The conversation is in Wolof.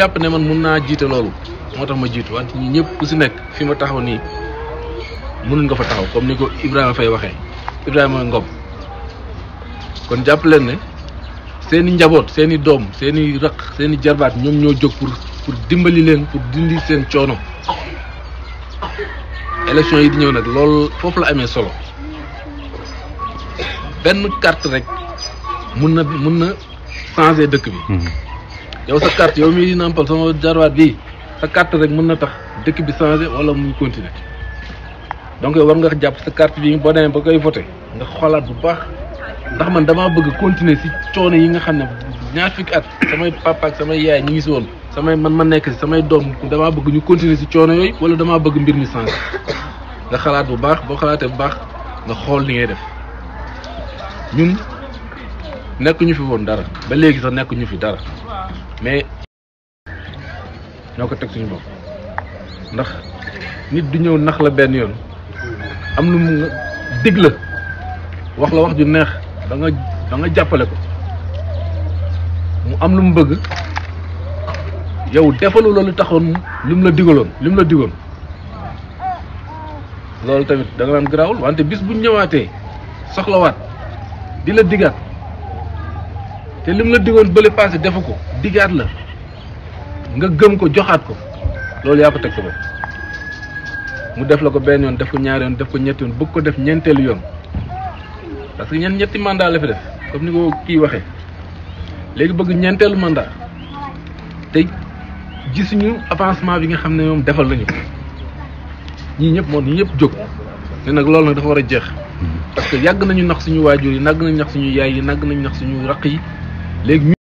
jàpp ne man mun naa jiite loolu moo tax ma jiitu wante ñi ñëpp ku si nekk fi ma taxaw nii mënuñ nga fa taxaw comme ni ko Ibrahima Faye waxee Ibrahima Ngom kon jàpp leen ne seen i njaboot seen i doom seeni i raq seen i jarbaat ñoom ñoo jóg pour pour dimbali leen pour dindi seen coono élection yi di ñëw nag lool foofu la amee solo benn carte rek mun na mun na changer dëkk bi hmm. yow sa carte yow mi nampal sama jarwaat bii sa carte rek mën na tax dëkk bi changé wala muy continuer donc war nga jàpp sa carte bi boo demee ba koy voté nga xoolaat bu baax ndax man damaa bëgg continuer si coono yi nga xam ne ñaar fikk at samay papa ak samay yaay ñu ngi si samay man ma nekk si samay doom damaa bëgg ñu continuer si coono yooyu wala damaa bëgg mbir mi changé nga xalaat bu baax boo xalaatee bu baax nga xool li ngay def ñun nekkuñu fi woon dara ba léegi sax nekkuñu fi dara mais ñoo ko suñu bopp ndax nit du ñëw nax la benn yoon am lu mu dig la wax la wax ju neex da nga da nga jàppale ko mu am lu mu bëgg yow defalu loolu taxoon lim la lim la tamit da nga wante bis bu ñëwaatee soxlawaat di la digat te lim la digoon bële passé defu ko digaat la nga gëm ko joxaat ko loolu yaa ko teg sa bopp mu def la ko benn yoon def ko ñaari yoon def ko ñetti yoon bëgg ko def ñeenteelu yoon parce que ñen ñetti mandat la fi def comme ni ko kii waxee léegi bëgg ñeenteelu mandat te gisuñu avancement bi nga xam ne defal nañu ko ñii ñëpp moo ñii ñëpp jóg ne nag dafa war jeex parce que yàgg nañu nax suñu waajur yi nag nañu nax suñu yaay yi nag nañu nax suñu raq yi Les.